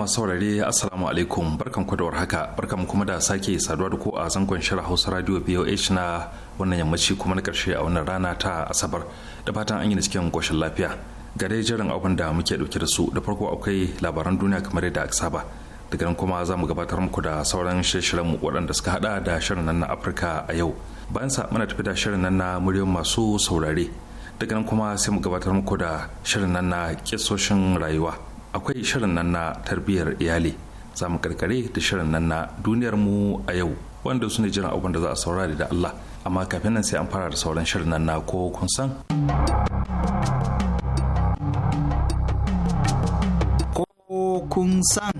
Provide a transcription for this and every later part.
masu saurare assalamu alaikum barkan ku da warhaka barkan kuma da sake saduwa da ku a zangon shirin Hausa Radio BOH na wannan yammaci kuma na karshe a wannan rana ta Asabar da fatan an yi da cikin goshin lafiya ga dai jiran abin da muke dauke da su da farko akwai labaran duniya kamar yadda aka saba daga nan kuma za mu gabatar muku da sauran shirye-shiryen mu waɗanda suka hada da shirin nan na Afirka a yau bayan sa muna tafi da shirin nan na muryoyin masu saurare daga nan kuma sai mu gabatar muku da shirin nan na kisoshin rayuwa akwai shirin nan na tarbiyyar iyali za mu karkare da shirin nan na duniyar mu a yau wanda su ne jiran abin da za a saurari da Allah amma kafin nan sai an fara da sauran shirin nan na ko kun san ko kun san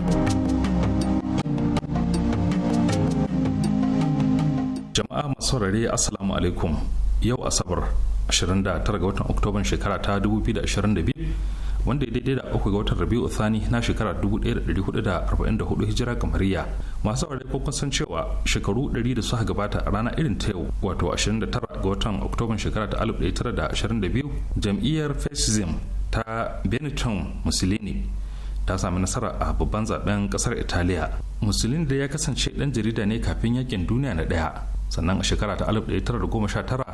jama'a masu saurare assalamu alaikum yau asabar 29 ga watan oktoban shekara ta 2022 wanda ya daidai da uku ga watan rabiu thani na shekara 1444 hijira kamariya masu aure ko kusan cewa shekaru 100 da suka gabata a rana irin ta yau wato 29 ga watan oktoban shekara ta 1922 jam'iyyar fascism ta benetton mussolini ta sami nasara a babban zaben kasar italiya mussolini da ya kasance dan jarida ne kafin yakin duniya na daya sannan a shekara ta 1919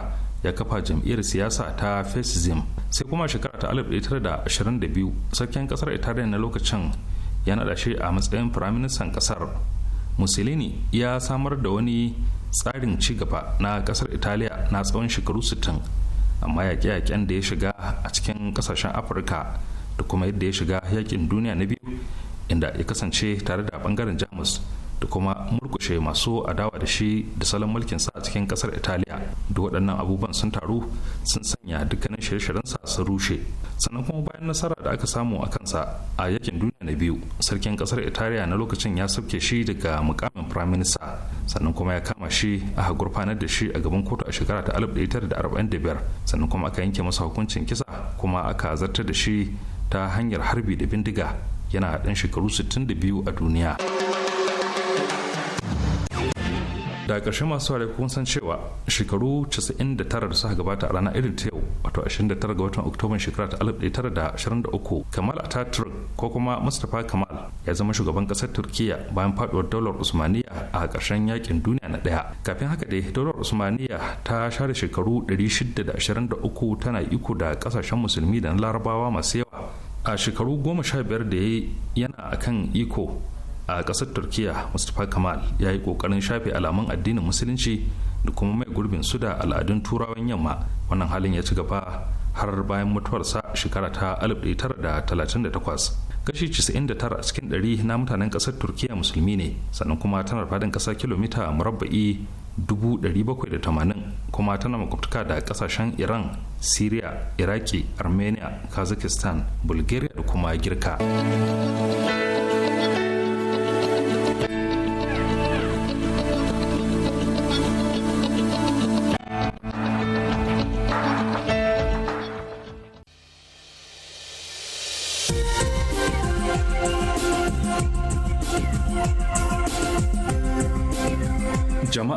ya kafa jam'iyyar siyasa ta fascism sai kuma shekara ta 1922 sarkin kasar italiya na lokacin ya naɗa shi a matsayin firaministan kasar mussolini ya samar da wani tsarin ci gaba na kasar italiya na tsawon shekaru 60 amma yaƙe-yaƙen da ya shiga a cikin ƙasashen afirka da kuma yadda ya shiga yaƙin duniya na biyu inda ya kasance tare da ɓangaren jamus da kuma murkushe masu adawa da shi da salon mulkin sa a cikin kasar italiya da waɗannan abubuwan sun taru sun sanya dukkanin shirye-shiryensa su rushe sannan kuma bayan nasara da aka samu a kansa a yakin duniya na biyu sarkin kasar italiya na lokacin ya sauke shi daga mukamin prime minister sannan kuma ya kama shi aka gurfanar da shi a gaban kotu a shekara ta 1945 sannan kuma aka yanke masa hukuncin kisa kuma aka zartar da shi ta hanyar harbi da bindiga yana ɗan shekaru 62 a duniya. da ƙarshe masu ware kun san cewa shekaru 99 da suka gabata a ranar irin ta yau wato 29 ga watan oktoban shekara ta 1923 kamal ataturk ko kuma mustapha kamal ya zama shugaban ƙasar turkiya bayan faduwar daular usmaniya a ƙarshen yakin duniya na ɗaya kafin haka dai daular usmaniya ta share shekaru 623 tana iko da ƙasashen musulmi da na larabawa masu yawa a shekaru goma sha biyar da ya yana akan iko a ƙasar turkiya mustapha kamal ya yi ƙoƙarin shafe alamun addinin musulunci da kuma mai gurbin su da al'adun turawan yamma wannan halin ya ci gaba har bayan mutuwarsa shekara ta 1938 kashi 99 cikin 100 na mutanen ƙasar turkiya musulmi ne sannan kuma tana fadin ƙasa kilomita murabba'i 780 kuma tana makwabtaka da ƙasashen iran syria iraki armenia kazakhstan bulgaria da kuma girka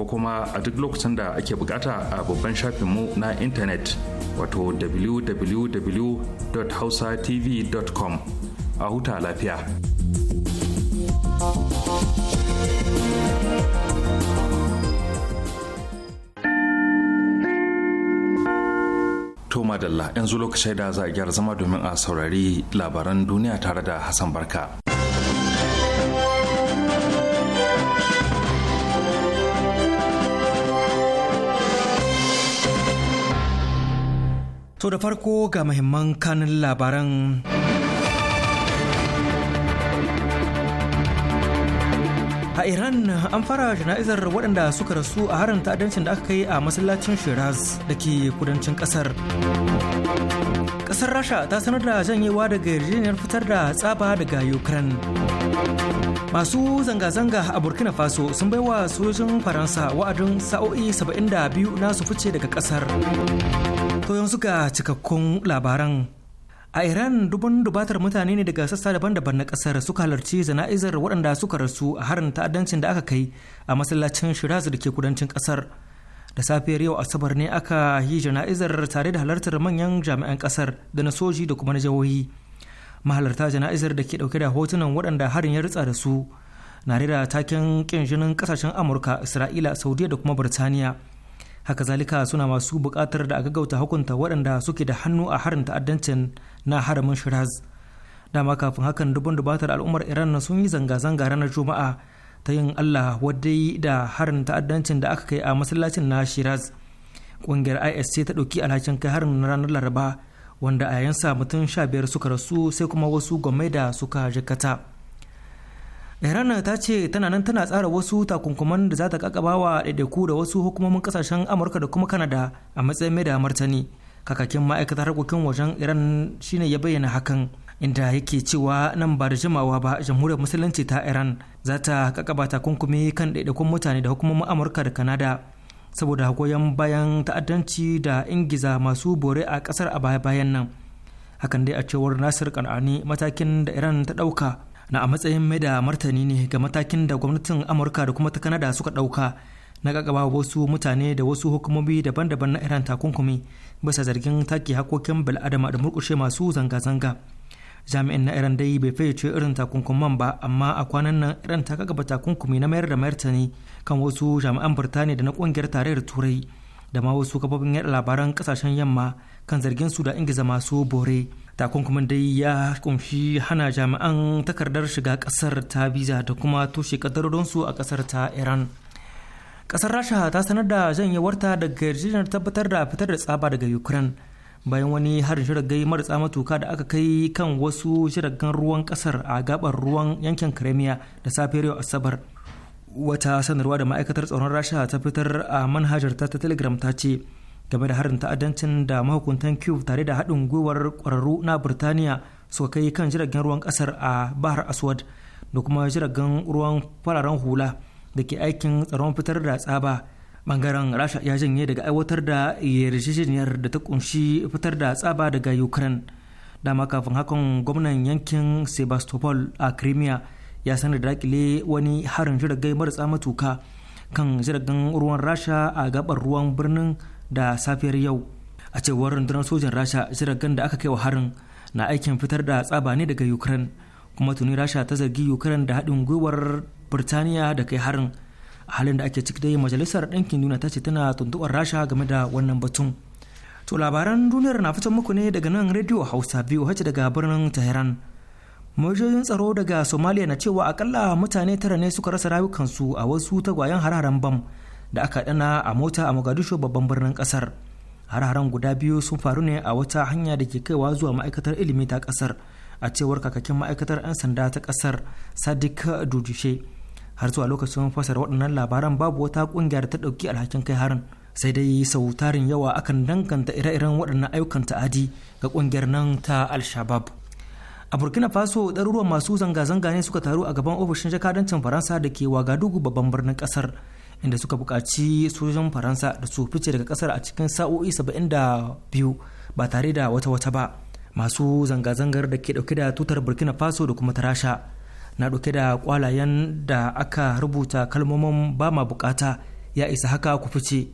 ko kuma a duk lokacin da ake bukata a babban shafinmu na intanet wato www.hausatv.com a huta lafiya. Toma Dalla yanzu lokacin da za a gyara zama domin a saurari labaran duniya tare da Hassan Barka. To da farko ga muhimman kanin labaran. A Iran an fara jana'izar waɗanda suka rasu a harin ta'addancin da aka kai a masallacin Shiraz da ke kudancin ƙasar. Ƙasar Rasha ta sanar da janyewa daga yarjejeniyar fitar da tsaba daga Ukraine. Masu zanga-zanga a Burkina Faso sun bai wa sojin Faransa wa'adin sa'o'i biyu na su fice daga ƙasar. To yanzu ga cikakkun labaran. A Iran dubun dubatar mutane ne daga sassa daban-daban na kasar suka halarci zana'izar waɗanda suka rasu a harin ta'addancin da aka kai a masallacin Shiraz da ke kudancin kasar. Da safiyar yau Asabar ne aka yi jana'izar tare da halartar manyan jami'an kasar da na soji da kuma na jihohi. Mahalarta jana'izar da ke ɗauke da hotunan waɗanda harin ya ritsa da su na da taken ƙin jinin ƙasashen Amurka, Isra'ila, Saudiya da kuma Burtaniya. haka zalika suna masu bukatar da a gaggauta hukunta waɗanda suke da hannu a harin ta'addancin na haramin shiraz dama kafin hakan dubun dubatar al'ummar iran sun yi zanga-zanga ranar juma'a ta yin allah wadai da harin ta'addancin da aka kai a masallacin na shiraz ƙungiyar is ce ta ɗauki alhakin kai harin ranar laraba wanda a sa mutum sha biyar suka rasu sai kuma wasu gwamnati da suka jikata Iran ta ce tana nan tana tsara wasu takunkuman da za ta kakaba wa da wasu hukumomin kasashen Amurka da kuma Kanada a matsayin mai da martani. Kakakin ma'aikatar harkokin wajen Iran shine ya bayyana hakan inda yake cewa nan ba da jimawa ba jamhuriyar musulunci ta Iran za ta kakaba takunkumi kan ɗaiɗaikun mutane da hukumomin Amurka da Kanada saboda goyon bayan ta'addanci da ingiza masu bore a kasar a baya-bayan nan. Hakan dai a cewar Nasir Kan'ani matakin da Iran ta ɗauka na a matsayin mai da martani ne ga matakin da gwamnatin amurka da kuma ta kanada suka ɗauka na gagaba wasu mutane da wasu hukumomi daban-daban na iran takunkumi bisa zargin take hakokin bil'adama da murkushe masu zanga-zanga jami'in na iran dai bai fayyace irin takunkuman ba amma a kwanan nan iran ta gaba takunkumi na mayar da martani kan wasu jami'an birtaniya da na kungiyar tarayyar turai da ma wasu kafofin yaɗa labaran kasashen yamma kan zargin su da ingiza masu bore takunkumin dai ya kunshi hana jami'an takardar shiga kasar ta biza da kuma toshe su a kasar ta iran kasar rasha ta sanar da janyewarta daga yarjejeniyar tabbatar da fitar da tsaba daga ukraine bayan wani harin mara tsama tuka da aka kai kan wasu shirgan ruwan kasar a gabar ruwan yankin kremiya da safiyar yau asabar wata sanarwa da ma'aikatar tsaron rasha ta fitar a manhajar ta telegram ta ce game da harin ta'addancin da mahukuntan cube tare da haɗin gwiwar ƙwararru na Birtaniya suka kai kan jiragen ruwan ƙasar a Bahar Aswad da kuma jiragen ruwan fararen hula da ke aikin tsaron fitar da tsaba. Bangaren Rasha ya janye daga aiwatar da yarjejeniyar da ta kunshi fitar da tsaba daga Ukraine. Dama kafin hakan gwamnan yankin Sebastopol a Crimea ya sanar da dakile wani harin jiragen marasa matuka kan jiragen ruwan Rasha a gabar ruwan birnin da safiyar yau a cewar rundunar sojan rasha jiragen da aka kai wa harin na aikin fitar da tsaba daga ukraine kuma tuni rasha ta zargi ukraine da haɗin gwiwar birtaniya da kai harin a halin da ake ciki dai majalisar ɗinkin duniya ta ce tana tuntuɓar rasha game da wannan batun to labaran duniyar na fitan muku ne daga nan rediyo hausa biyu hace daga birnin tehran majiyoyin tsaro daga somaliya na cewa akalla mutane tara ne suka rasa rayukansu a wasu tagwayen hararen bam da aka dana a mota a mogadishu babban birnin kasar har-haren guda biyu sun faru ne a wata hanya da ke kaiwa zuwa ma'aikatar ilimi ta kasar a cewar kakakin ma'aikatar 'yan sanda ta kasar sadiq dujishe har zuwa lokacin fasar waɗannan labaran babu wata ƙungiyar ta ɗauki alhakin kai harin sai dai sau tarin yawa akan danganta ire-iren waɗannan ayyukan ta'adi ga ƙungiyar nan ta al-shabab a burkina faso ɗaruruwan masu zanga-zanga ne suka taru a gaban ofishin jakadancin faransa da ke wagadugu babban birnin ƙasar inda suka buƙaci sojojin faransa da su fice daga kasar a cikin sa'o'i saba'in da biyu ba tare da wata wata ba masu zanga-zangar da ke ɗauke da tutar burkina faso da kuma tarasha na ɗauke da kwalayen da aka rubuta kalmomin ba ma bukata ya isa haka ku fice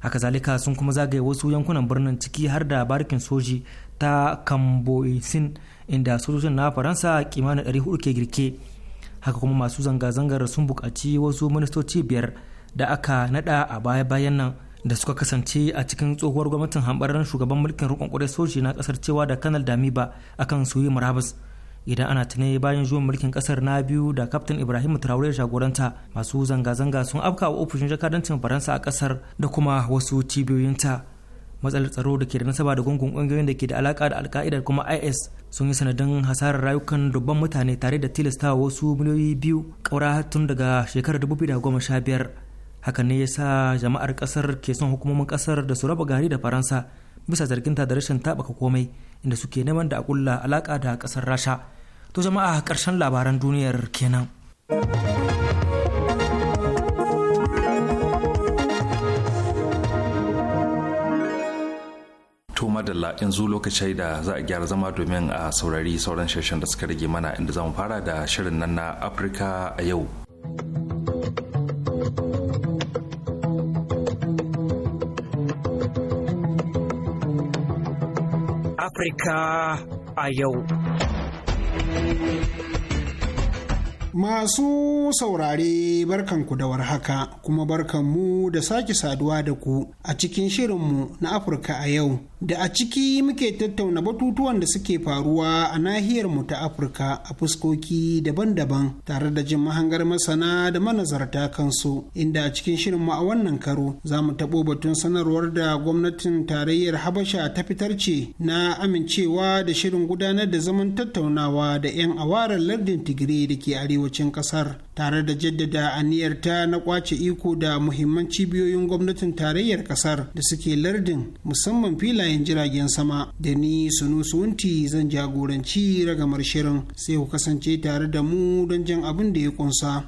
haka zalika sun kuma zagaye wasu yankunan birnin ciki har da barkin soji ta kamboisin inda sojojin na faransa kimanin 400 ke girke haka kuma masu zanga-zangar sun bukaci wasu ministoci biyar da aka nada a baya-bayan nan da suka kasance a cikin tsohuwar gwamnatin hambararren shugaban mulkin rukun kudai soji na kasar cewa da kanal damiba akan suyi murabus idan ana tunai bayan zuwan mulkin kasar na biyu da kaftin ibrahim traore jagoranta masu zanga-zanga sun afka wa ofishin jakadancin faransa a kasar da kuma wasu cibiyoyinta matsalar tsaro da ke da nasaba da gungun ƙungiyoyin da ke da alaka da alka'ida kuma is sun yi sanadin hasarar rayukan dubban mutane tare da tilastawa wasu miliyoyi biyu ƙaura tun daga shekarar 2015 hakan ne ya sa jama'ar kasar ke son hukumomin kasar da su raba gari da faransa bisa zarginta da rashin taɓaka komai inda suke neman da akulla alaƙa da ƙasar rasha to jama'a ƙarshen labaran duniyar kenan to madalla yanzu lokaci da za a gyara zama domin a saurari sauran shirshen da suka rage mana inda zamu fara da shirin nan na afirka a yau Afirka a yau. Masu saurare barkanku da warhaka kuma barkanmu da sake saduwa da ku a cikin shirinmu na Afirka a yau. Da a ciki muke tattauna batutuwan da suke faruwa a nahiyar mu ta Afirka a fuskoki daban-daban tare da jin mahangar masana da manazarta kansu inda a cikin mu a wannan karo za mu taɓo batun sanarwar da gwamnatin tarayyar Habasha ta fitar ce na amincewa da shirin gudanar da zaman tattaunawa da 'yan awarar lardin Tigray da ke arewa. arewacin kasar tare da jaddada aniyarta na kwace iko da muhimman cibiyoyin gwamnatin tarayyar kasar da suke lardin musamman filayen jiragen sama da ni sunusunti zan jagoranci ragamar shirin sai ku kasance tare da mu don jan abin da ya kunsa.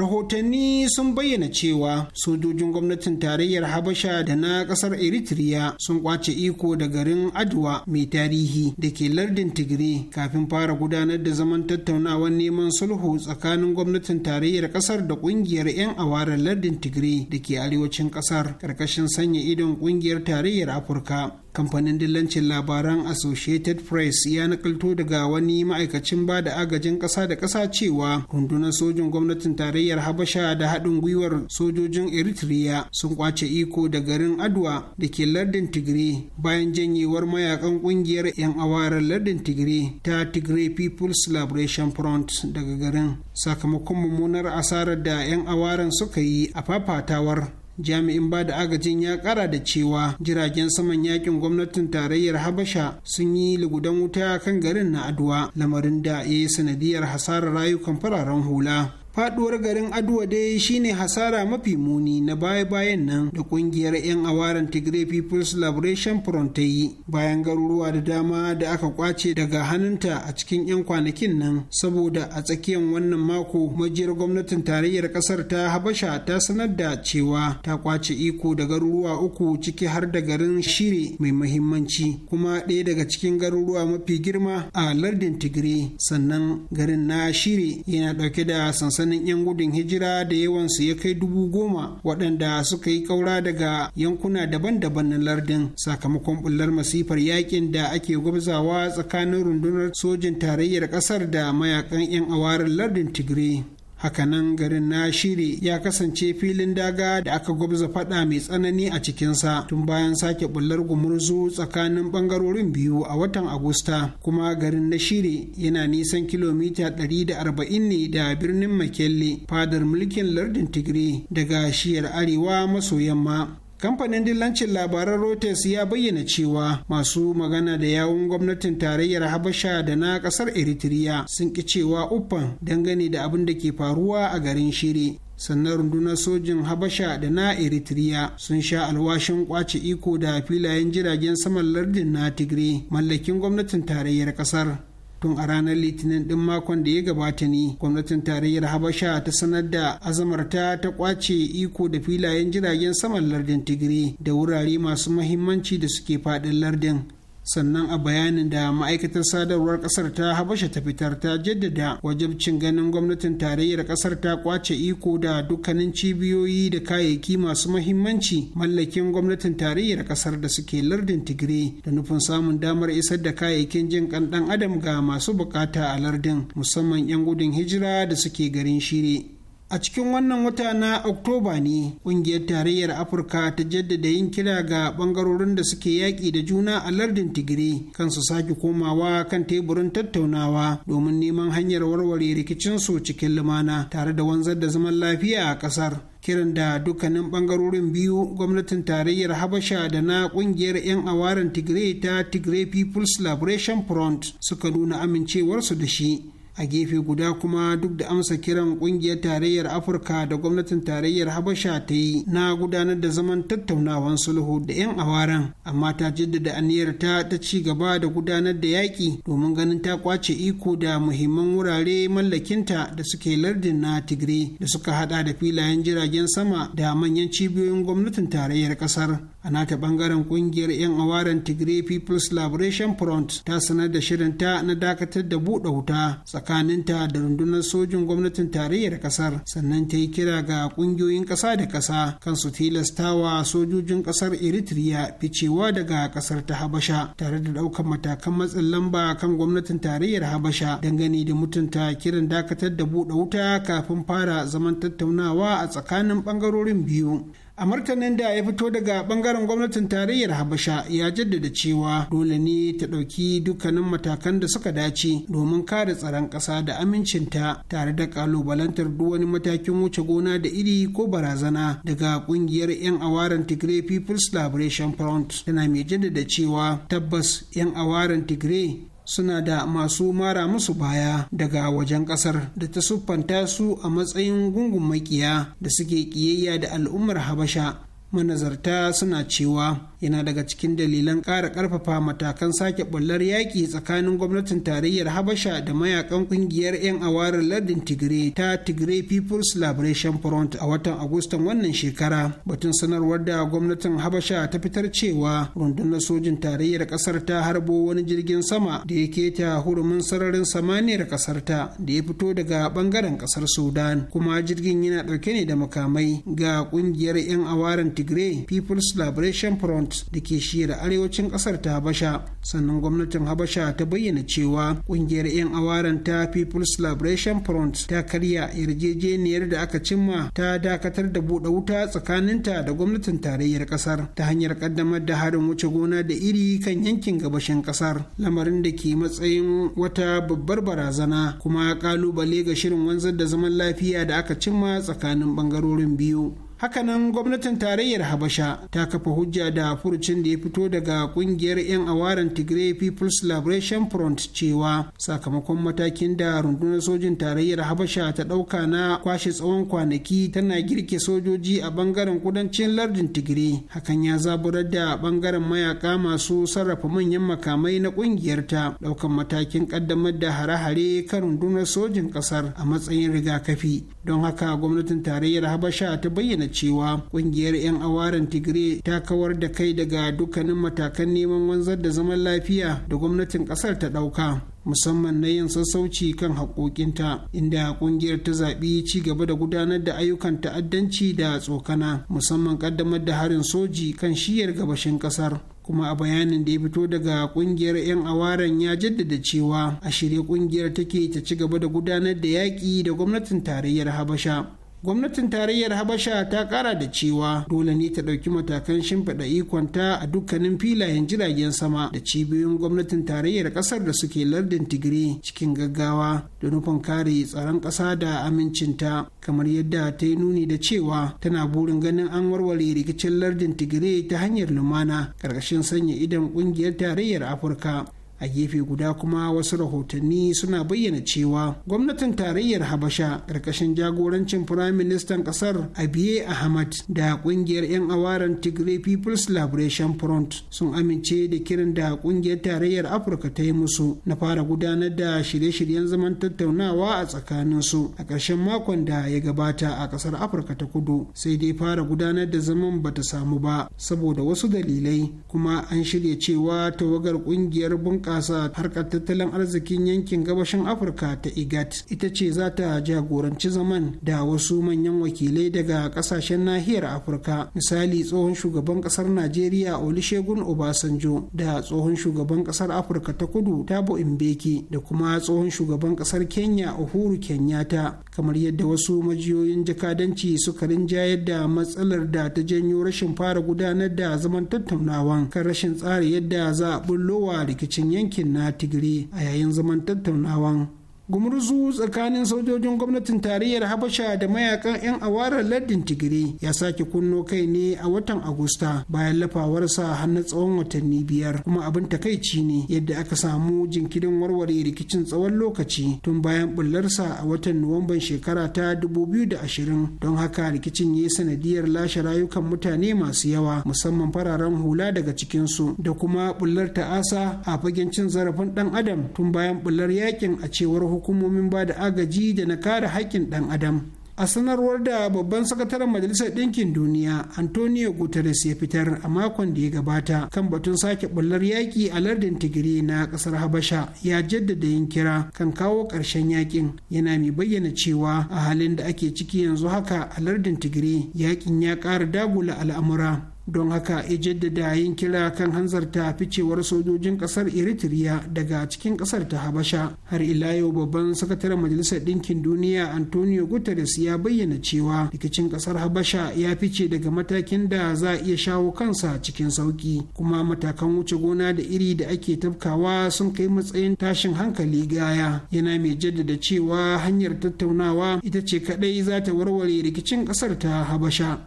rahotanni sun bayyana cewa sojojin gwamnatin tarayyar habasha da na kasar eritrea sun kwace iko da garin adwa mai tarihi da ke lardin tigray kafin fara gudanar da zaman tattaunawar neman sulhu tsakanin gwamnatin tarayyar kasar da kungiyar 'yan awarar lardin tigray da ke arewacin kasar karkashin sanya idon kungiyar tarayyar afirka kamfanin dillancin labaran associated press ya nakalto daga wani ma'aikacin ba da agajin ƙasa da ƙasa cewa rundunar sojin gwamnatin tarayyar habasha da haɗin gwiwar sojojin eritrea sun kwace iko da garin adwa da ke lardin tigray bayan janyewar mayakan ƙungiyar 'yan awarar lardin tigray ta tigray people's liberation front daga garin sakamakon mummunar asarar da 'yan awaran suka yi a fafatawar jami'in ba da agajin ya kara da cewa jiragen saman yakin gwamnatin tarayyar habasha sun yi lugudan wuta kan garin na aduwa lamarin da'e ya sanadiyar hasarar rayukan fararen hula faduwar garin aduwa dai shine hasara mafi muni na baya-bayan nan da kungiyar 'yan awaren tigray people's liberation front ta yi bayan garuruwa da dama da aka kwace daga hannunta a cikin 'yan kwanakin nan saboda a tsakiyar wannan mako majiyar gwamnatin tarayyar kasar ta habasha ta sanar da cewa ta kwace iko da garuruwa uku ciki har da garin shire mai mahimmanci kuma ɗaya daga cikin garuruwa mafi girma a lardin tigray sannan garin na shire yana ɗauke da sansanin sansanin 'yan gudun hijira da yawansu ya kai dubu goma waɗanda suka yi ƙaura daga yankuna daban-daban na lardin sakamakon bullar masifar yakin da ake gwabzawa tsakanin rundunar sojin tarayyar ƙasar da mayakan 'yan awarin lardin tigray hakanan garin shiri ya kasance filin daga da aka gwabza fada mai tsanani a cikinsa tun bayan sake bullar gumurzu tsakanin bangarorin biyu a watan agusta kuma garin shiri yana nisan kilomita 140 ne da birnin makelle fadar mulkin lardin tigray daga shiyar arewa maso yamma kamfanin dillancin labaran reuters ya bayyana cewa masu magana da yawun gwamnatin tarayyar habasha da na kasar eritrea sun ki cewa uffan dangane da abin da ke faruwa a garin shiri sannan rundunar sojin habasha da na eritrea sun sha alwashin kwace iko da filayen jiragen saman lardin na tigray mallakin gwamnatin tarayyar kasar tun a ranar litinin din makon da ya gabata ne gwamnatin tarayyar habasha ta sanar da azamarta ta kwace iko da filayen jiragen saman lardin tigiri da wurare masu mahimmanci da suke faɗin lardin sannan a bayanin da ma'aikatar sadarwar kasar ta habasha ta fitar ta jaddada wajibcin ganin gwamnatin tarayyar kasar ta kwace iko da dukkanin cibiyoyi da kayayyaki masu mahimmanci mallakin gwamnatin tarayyar kasar da suke lardin tigre da nufin samun damar isar da kayayyakin jin kan dan adam ga masu bukata a lardin musamman 'yan gudun hijira da suke garin shiri a cikin wannan wata na oktoba ne ƙungiyar tarayyar afirka ta jaddada yin kira ga ɓangarorin da suke yaƙi da juna a lardin tigiri kan su sake komawa kan teburin tattaunawa domin neman hanyar warware rikicinsu cikin lumana tare da wanzar da zaman lafiya a ƙasar kiran da dukkanin ɓangarorin biyu gwamnatin tarayyar habasha da na ƙungiyar 'yan awaren tigray ta tigray people's liberation front suka nuna amincewarsu da shi a gefe guda kuma duk da amsa kiran kungiyar tarayyar afirka da gwamnatin tarayyar habasha ta yi na gudanar da zaman tattaunawan sulhu da 'yan awaran amma ta jaddada aniyarta ta ci gaba da gudanar da yaƙi domin ganin ta kwace iko da muhimman wurare mallakinta da suke lardin na tigray da suka hada da filayen jiragen sama da manyan cibiyoyin gwamnatin tarayyar kasar a nata bangaren kungiyar 'yan awaran tigre people's liberation front ta sanar da shirinta na dakatar da buɗe wuta tsakaninta da rundunar sojin gwamnatin tarayyar kasar sannan ta yi kira ga kungiyoyin kasa da kasa kan su tilastawa sojojin kasar eritrea ficewa daga kasar ta habasha tare da daukan matakan matsin lamba kan gwamnatin tarayyar habasha dangane da mutunta kiran dakatar da buɗe wuta kafin fara zaman tattaunawa a tsakanin ɓangarorin biyu a martanin da ya fito daga bangaren gwamnatin tarayyar habasha ya jaddada cewa dole ne ta ɗauki dukkanin matakan da suka dace domin kare tsaron ƙasa da amincinta tare da ƙalubalantar duk wani matakin wuce gona da iri ko barazana daga ƙungiyar 'yan awaren tigray people's liberation front tana mai jaddada cewa tabbas 'yan awaren tigray suna da masu mara musu baya daga wajen kasar da ta siffanta su a matsayin gungun makiya da suke kiyayya da al'ummar habasha manazarta suna cewa yana daga cikin dalilan ƙara ƙarfafa matakan sake bullar yaƙi tsakanin gwamnatin tarayyar habasha da mayakan ƙungiyar 'yan awarar lardin tigray ta tigray people's liberation front a watan agustan wannan shekara batun sanarwar da gwamnatin habasha ta fitar cewa rundunar sojin tarayyar ƙasar ta harbo wani jirgin sama da ya keta hurumin sararin samaniyar ƙasar ta da ya fito daga ɓangaren ƙasar sudan kuma jirgin yana ɗauke ne da makamai ga ƙungiyar 'yan awarin tigray people's liberation front punt da ke shira arewacin kasar ta habasha sannan gwamnatin habasha ta bayyana cewa kungiyar 'yan awaren ta people's liberation front ta karya yarjejeniyar da aka cimma ta dakatar da buɗe wuta tsakaninta da gwamnatin tarayyar kasar ta hanyar kaddamar da harin wuce gona da iri kan yankin gabashin kasar lamarin da ke matsayin wata babbar barazana kuma kalubale ga shirin wanzar da zaman lafiya da aka cimma tsakanin bangarorin biyu hakanan gwamnatin tarayyar habasha ta kafa hujja da furucin da ya fito daga kungiyar 'yan awaren tigray people's liberation front cewa sakamakon matakin da rundunar sojin tarayyar habasha ta ɗauka na kwashe tsawon kwanaki tana girke sojoji a bangaren kudancin lardin tigray hakan ya zaburar da bangaren mayaka masu sarrafa manyan makamai na kungiyar ta ɗaukan matakin ƙaddamar da hare-hare kan rundunar sojin ƙasar a matsayin rigakafi don haka gwamnatin tarayyar habasha ta bayyana cewa kungiyar 'yan awaren tigray ta kawar da kai daga dukkanin matakan neman wanzar da zaman lafiya da gwamnatin kasar ta ɗauka musamman na yin sassauci kan haƙoƙinta inda ƙungiyar ta zaɓi ci gaba da gudanar da ayyukan ta'addanci da tsokana musamman ƙaddamar da harin soji kan shiyar gabashin ƙasar kuma a bayanin da ya fito daga kungiyar 'yan awaren ya jaddada cewa a shirye kungiyar take ta ci gaba da gudanar da yaƙi da gwamnatin tarayyar habasha gwamnatin tarayyar habasha ta kara da cewa dole ne ta ɗauki matakan shimfiɗa ta a dukkanin filayen jiragen sama da cibiyoyin gwamnatin tarayyar ƙasar da suke lardin tigiri cikin gaggawa da nufin kare tsaron ƙasa da amincinta kamar yadda ta yi nuni da cewa tana burin ganin an warware rikicin lardin tigiri ta hanyar lumana ƙarƙashin sanya idon ƙungiyar tarayyar afirka a gefe guda kuma wasu rahotanni suna bayyana cewa gwamnatin tarayyar habasha ƙarƙashin jagorancin firaministan ƙasar abiye ahmad da ƙungiyar 'yan awaren tigray people's liberation front sun amince da kiran da ƙungiyar tarayyar afirka ta yi musu na fara gudanar da shirye-shiryen zaman tattaunawa a tsakaninsu a ƙarshen makon da ya gabata a ƙasar afirka ta kudu sai dai fara gudanar da zaman bata samu ba saboda wasu dalilai kuma an shirya cewa tawagar ƙungiyar bunƙasa bunƙasa harkar tattalin arzikin yankin gabashin afirka ta igat ita ce za ta jagoranci zaman da wasu manyan wakilai daga ƙasashen nahiyar afirka misali tsohon shugaban ƙasar najeriya olusegun obasanjo da tsohon shugaban ƙasar afirka ta kudu tabo imbeki da kuma tsohon shugaban ƙasar kenya uhuru kenyatta kamar yadda wasu majiyoyin jakadanci suka rinjayar da matsalar da ta janyo rashin fara gudanar da zaman tattaunawan kan rashin tsari yadda za a bullowa rikicin yankin na tigiri a yayin zaman tattaunawan gumurzu tsakanin sojojin gwamnatin tarayyar habasha da mayakan 'yan awarar lardin tigiri ya sake kunno kai ne a watan agusta bayan lafawarsa har na tsawon watanni biyar kuma abin takaici ne yadda aka samu jinkirin warware rikicin tsawon lokaci tun bayan bullarsa a watan nuwamban shekara ta dubu biyu da ashirin, don haka rikicin ya yi sanadiyar lashe rayukan mutane masu yawa musamman fararen hula daga cikinsu da kuma bullar ta'asa a fagen cin zarafin dan adam tun bayan bullar yakin a cewar hukumomin ba da agaji da na kare haƙƙin ɗan adam a sanarwar da babban sakataren majalisar ɗinkin duniya antonio guterres ya fitar a makon da ya gabata kan batun sake bullar yaƙi a lardin tigiri na ƙasar habasha ya jaddada yin kira kan kawo ƙarshen yaƙin yana mai bayyana cewa a halin da ake ciki yanzu haka a lardin tigiri yaƙin ya ƙara dagula al'amura don haka ya jaddada yin kira kan hanzarta ficewar sojojin kasar eritrea daga cikin kasar ta habasha har ila yau babban sakataren majalisar ɗinkin duniya antonio guterres ya bayyana cewa rikicin kasar habasha ya fice daga matakin da za a iya shawo kansa cikin sauki kuma matakan wuce gona da iri da ake tafkawa sun kai matsayin tashin hankali gaya yana mai jaddada cewa hanyar tattaunawa ita ce kaɗai za ta warware rikicin kasar ta habasha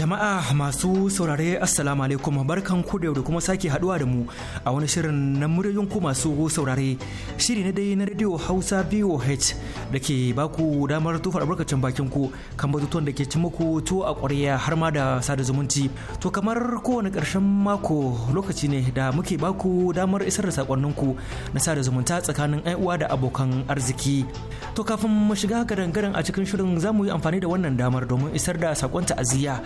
Jama'a masu saurare Assalamu alaikum barkan ku da yau da kuma sake haduwa da mu a wani shirin na muryoyin ku masu saurare shiri na dai na radio Hausa BOH da ke baku damar tufa albarkacin bakin ku kan batutuwan da ke ci muku to a ƙwarya har ma da sada zumunci to kamar kowane karshen mako lokaci ne da muke baku damar isar da sakonnin ku na sada zumunta tsakanin ƴan uwa da abokan arziki to kafin mu shiga gadan a cikin shirin za mu yi amfani da wannan damar domin isar da sakon ta'aziyya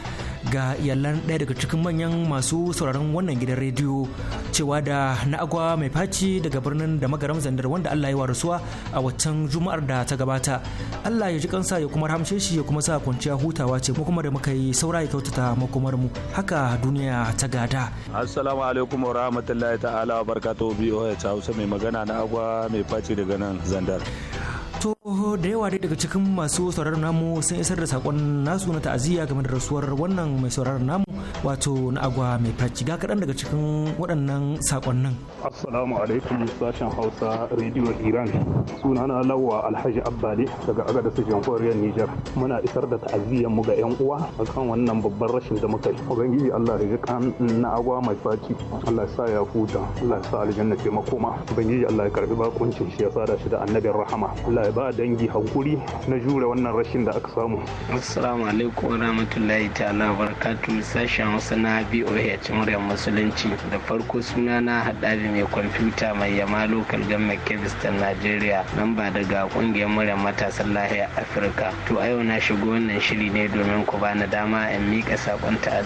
ga iyalan ɗaya daga cikin manyan masu sauraron wannan gidan rediyo cewa da na agwa mai faci daga birnin da magaram zandar wanda Allah ya suwa a waccan juma'ar da ta gabata Allah ya ji kansa ya kuma ramshe shi ya kuma sa kwanciya hutawa ce kuma da muka yi saura ya kyautata makomar mu haka duniya ta gada assalamu alaikum wa rahmatullahi ta'ala wa barakatuhu bi'o ya hausa mai magana na agwa mai faci daga nan zandar to da yawa dai daga cikin masu sauraron namu sun isar da sakon nasu na ta'aziyya game da rasuwar wannan mai sauraron namu wato na agwa mai faci ga kaɗan daga cikin waɗannan saƙonnin. Assalamu alaikum sashen Hausa Radio Iran sunana Lawwa Alhaji Abbali daga Agada Sijin Koriyar Nijar muna isar da ta'aziyyar mu ga 'yan uwa akan wannan babban rashin da muka yi. Ubangiji Allah ya kan na agwa mai faci Allah sa ya huta Allah sa aljanna ce makoma Ubangiji Allah ya karbi bakuncin shi ya sada shi da annabin rahama Allah ya ba dangi hankuri na jure wannan rashin da aka samu assalamu alaikum wa rahmatullahi ta'ala barakatu sashen hausa na boh muryar musulunci da farko suna na haɗari mai kwamfuta mai yama lokal gamma ta najeriya nan ba daga kungiyar muryar matasan lahiyar afirka to a yau na shigo wannan shiri ne domin ku bani dama in miƙa saƙon ta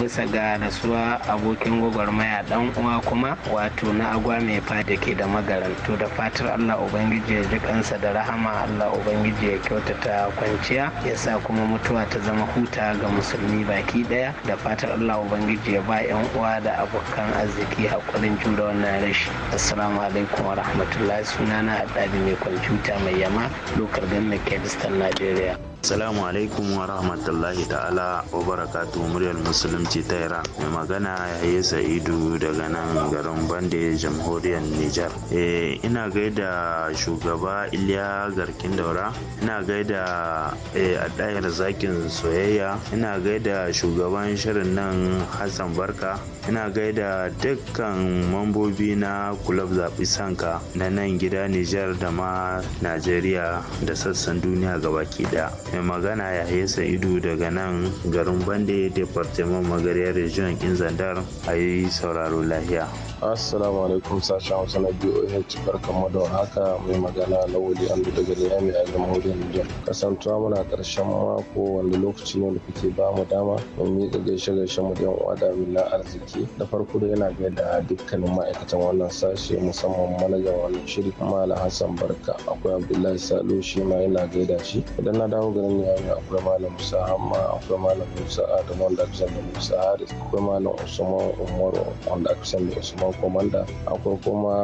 bisa ga rasuwa abokin gwagwarmaya dan uwa kuma wato na agwa mai da ke da magaran to da fatar allah ubangiji ya ji kansa da rahama allah ubangiji ya kyautata kwanciya ya sa kuma mutuwa ta zama huta ga musulmi baki daya da fatan allah ubangiji ya ba yan uwa da abokan arziki hakurin jure wannan rashi assalamu alaikum wa rahmatullahi sunana a mai kwamfuta mai yama lokar gannan kedistan najeriya Assalamu alaikum wa rahmatullahi ta'ala wa barakatu muryar musulunci ta Iran. Mai magana Yahaya Sa'idu daga nan garin Bande jamhuriyar Nijar. E, ina gaida shugaba Iliya Garkin Daura, ina gaida e, Adayar Zakin Soyayya, ina gaida shugaban shirin nan Hassan Barka, ina gaida dukkan mambobi na kulab zaɓi sanka na nan gida Nijar da ma Najeriya da sassan duniya gabaki ɗaya. mai magana ya ido daga nan garin bande departement magariyar region inzandar a yi sauraro lahiya Assalamu alaikum sashen Hausa na BOH barkanmu da haka mai magana na wuli an daga Niyami a jamhuriyar Nijar. Kasantuwa muna karshen mako wanda lokaci ne da kuke ba mu dama Mun miƙa gaishe gaishe mu yan uwa da na arziki. Da farko da yana gaida da dukkanin ma'aikatan wannan sashe musamman manajan wannan shiri Malam Hassan Barka akwai Abdullahi Salo shi ma yana gaida shi. Idan na dawo garin Niyami akwai Malam Musa Hamma akwai Malam Musa Adamu wanda aka da Musa Haris akwai Malam Usman Umaru wanda aka da Usman babban komanda akwai kuma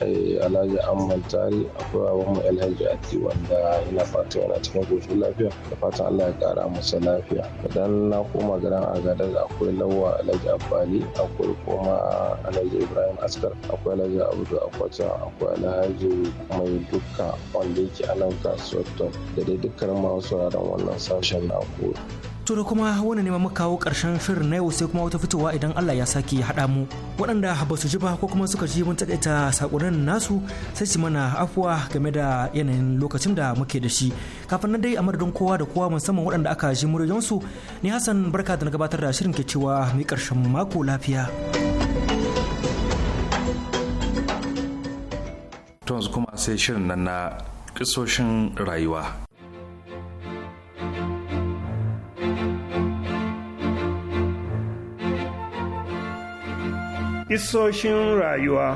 eh, alhaji amman tari akwai baban mu alhaji ati wanda yana fata yana cikin koshin lafiya da fatan allah ya kara masa lafiya idan na koma garin agadar akwai lawa alhaji abbali akwai kuma alhaji ibrahim askar akwai alhaji abdu akwata akwai alhaji mai duka wanda yake a nan kasuwar da dai dukkan masu sauraron wannan sashen na To da kuma wani neman muka kawo ƙarshen shirin na yau sai kuma wata fitowa idan Allah ya sake haɗa mu. Waɗanda ba su ji ba ko kuma suka ji mun ita saƙonin nasu sai su mana afuwa game da yanayin lokacin da muke da shi. Kafin nan dai a madadin kowa da kowa musamman waɗanda aka ji muryoyinsu ni Hassan barka da na gabatar da shirin ke cewa mu ƙarshen mako lafiya. To kuma sai shirin nan na kisoshin rayuwa. Isoshin rayuwa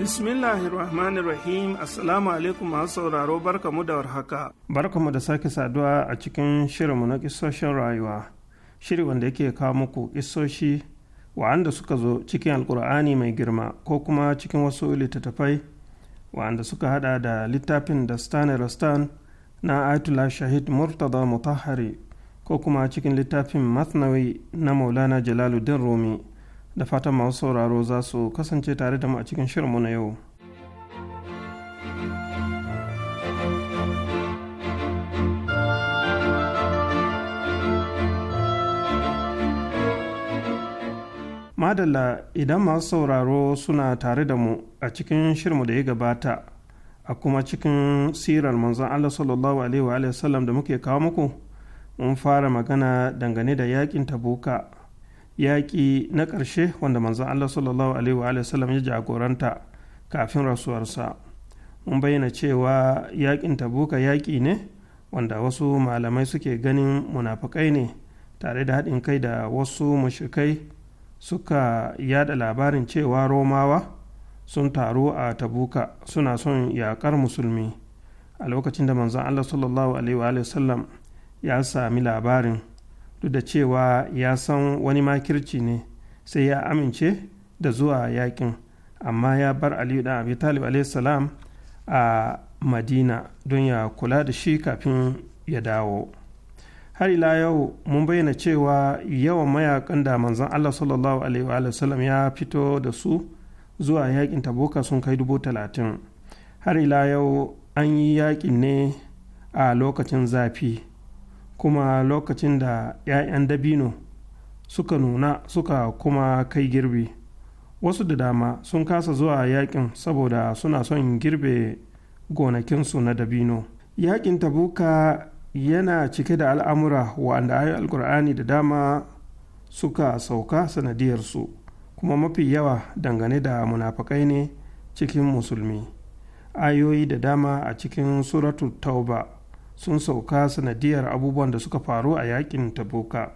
Bismillahirrahmanirrahim Assalamu alaikum masu sauraro barkamu da warhaka. Barkamu da sake saduwa a cikin shirinmu na isoshin rayuwa. Shiri wanda yake kawo muku isoshi wa'anda suka zo cikin alkur'ani mai girma ko kuma cikin wasu littattafai wa'anda suka hada da littafin da Stanley Rostan na Ayatollah Shahid Murtada Mutahari ko kuma cikin littafin masnawi na maulana jalaluddin rumi da fatan masu sauraro za su kasance tare da mu a cikin shirinmu na yau madalla idan masu sauraro suna tare da mu a cikin shirmu da ya gabata a kuma cikin sirar manzon Allah sallallahu alaihi wa sallam da muke kawo muku mun fara magana dangane da yakin tabuka yaƙi na ƙarshe wanda manzon Allah sallallahu alaihi wa sallam ya jagoranta kafin rasuwarsa mun bayyana cewa yakin tabuka yaƙi ne wanda wasu malamai suke ganin munafukai ne tare da haɗin kai da wasu mushrikai suka yada labarin cewa romawa sun taru a tabuka suna son yaƙar musulmi a lokacin da manzon Allah sallallahu alaihi wa sallam ya sami labarin duk da cewa ya san wani makirci ne sai ya amince da zuwa yakin amma ya bar aliyu da abi talib salam a madina don ya kula da shi kafin ya dawo har ila yau mun bayyana cewa yawan mayakan da manzon allah sallallahu alaihi wa sallam ya fito da su zuwa yakin taboka sun kai dubu talatin har ila yau an yi yakin ne a lokacin zafi kuma lokacin da 'ya'yan dabino suka nuna suka kuma kai girbi wasu da dama sun kasa zuwa yakin saboda suna son girbe gonakinsu na dabino yakin tabuka yana cike da al'amura wa'anda ayi alkur'ani da dama suka sauka sanadiyarsu kuma mafi yawa dangane da munafakai ne cikin musulmi ayoyi da dama a cikin suratu tauba sun sauka sanadiyar abubuwan da suka faru a yakin tabuka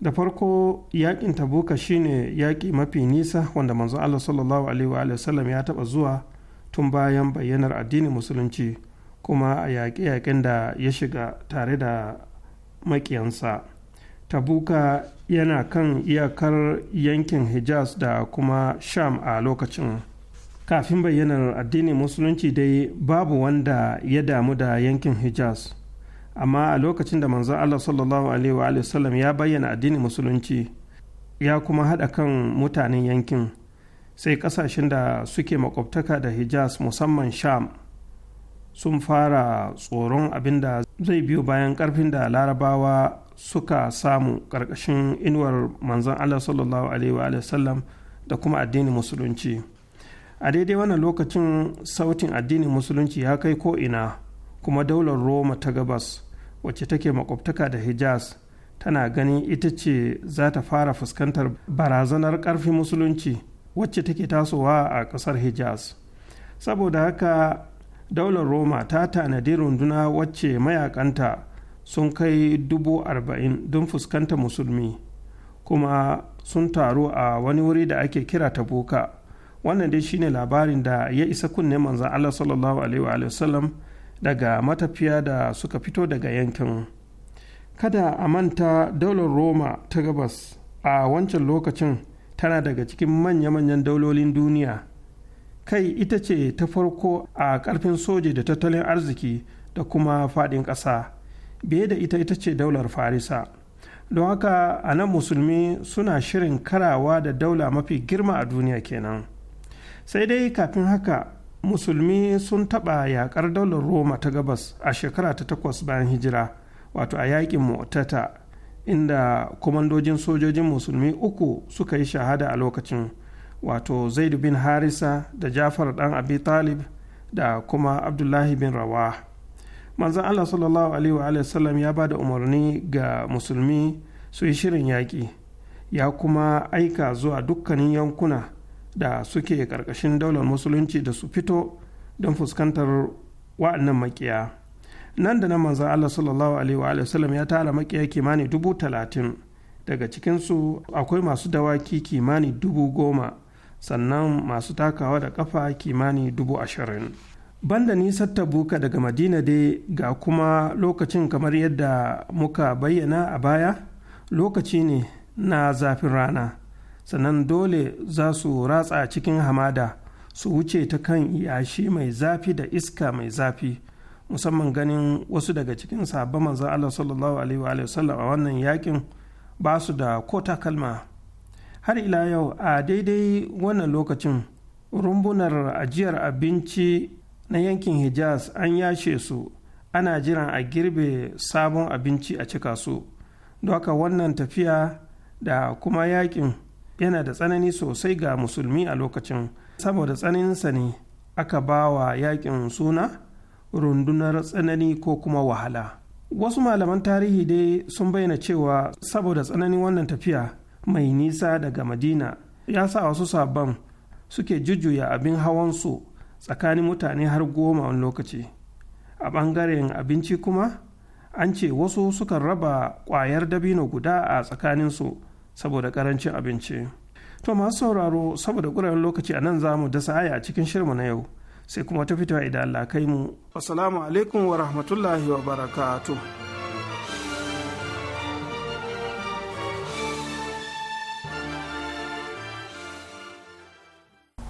da farko yakin tabuka shine yaki mafi nisa wanda manzo allah sallallahu alaihi wa sallam ya taba zuwa tun bayan bayyanar addinin musulunci kuma a yaƙe-yaƙen da ya shiga tare da maƙiyansa tabuka yana kan iyakar yankin hijaz da kuma sham a lokacin kafin bayyanar addinin musulunci dai babu wanda ya damu da yankin hijaz amma a lokacin da manzon allah sallallahu alaihi wa sallam ya bayyana addinin musulunci ya kuma haɗa kan mutanen yankin sai ƙasashen da suke makwabtaka da hijaz musamman sham sun fara tsoron abin da zai biyo bayan ƙarfin da larabawa suka samu ƙarƙashin inuwar manzon allah sallallahu alaihi wa sallam da kuma addinin musulunci. a daidai wannan lokacin sautin addinin musulunci ya kai ko'ina kuma daular roma ta gabas wacce take makwabtaka da hijaz tana gani ita ce za ta fara fuskantar barazanar ƙarfin musulunci wacce take tasowa a kasar hijaz saboda haka daular roma ta tanadi runduna wacce mayakanta sun kai dubu arba'in don fuskanta musulmi kuma sun taru a wani wuri da ake kira tabuka wannan dai shine labarin da ya isa kunne manzan Allah sallallahu alaihi wasallam daga matafiya da suka fito daga yankin kada a manta daular roma ta gabas a wancan lokacin tana daga cikin manya-manyan daulolin duniya kai ita ce ta farko a karfin soja da tattalin arziki da kuma faɗin ƙasa biye da ita ita ce daular farisa don haka a nan musulmi suna shirin karawa da daula mafi girma a duniya kenan. sai dai kafin haka musulmi sun taɓa yaƙar daular roma ta gabas a shekara ta takwas bayan hijira wato a yaƙin motata inda kwamandojin sojojin musulmi uku suka yi shahada a lokacin wato zaid bin harisa da jafar dan abi talib da kuma abdullahi bin rawa manzan allah sallallahu alaihi wa sallam ya ba da umarni ga musulmi su yi shirin yaƙi ya kuma aika zuwa dukkanin yankuna da suke ƙarƙashin daular musulunci da su fito don fuskantar wa'annan makiya nan da nan manzan allah sallallahu alaihi wa sallam ya tara makiya kimani dubu talatin daga cikinsu akwai masu dawaki kimani dubu goma sannan masu takawa da kafa kimani dubu ashirin banda nisar tabuka daga madina dai ga kuma lokacin kamar yadda muka bayyana a baya lokaci ne na zafin rana sannan dole za su ratsa cikin hamada su wuce ta kan yashi mai zafi da iska mai zafi musamman ganin wasu daga cikin sabon maza Allah sallallahu alaihi wa sallam a wannan yakin ba su da ko takalma har ila yau a daidai wannan lokacin rumbunar ajiyar abinci na yankin hijaz an yashe su ana jiran a girbe sabon abinci a cika su don haka wannan tafiya da kuma yakin yana da tsanani sosai ga musulmi a lokacin saboda tsaninsa ne aka ba wa yakin suna rundunar tsanani ko kuma wahala wasu malaman tarihi dai sun bayyana cewa saboda tsananin wannan tafiya mai nisa daga madina ya sa wasu sabon suke jujjuya abin hawansu tsakanin mutane har goma wani lokaci a bangaren abinci kuma an ce wasu sukan raba ƙwayar dabino guda a tsakaninsu saboda karancin abinci to masu sauraro saboda ƙuraren lokaci a nan za mu dasa aya a cikin shirmu na yau sai kuma ta fitowa idan Allah kai mu assalamu alaikum wa rahmatullahi wa barakatu.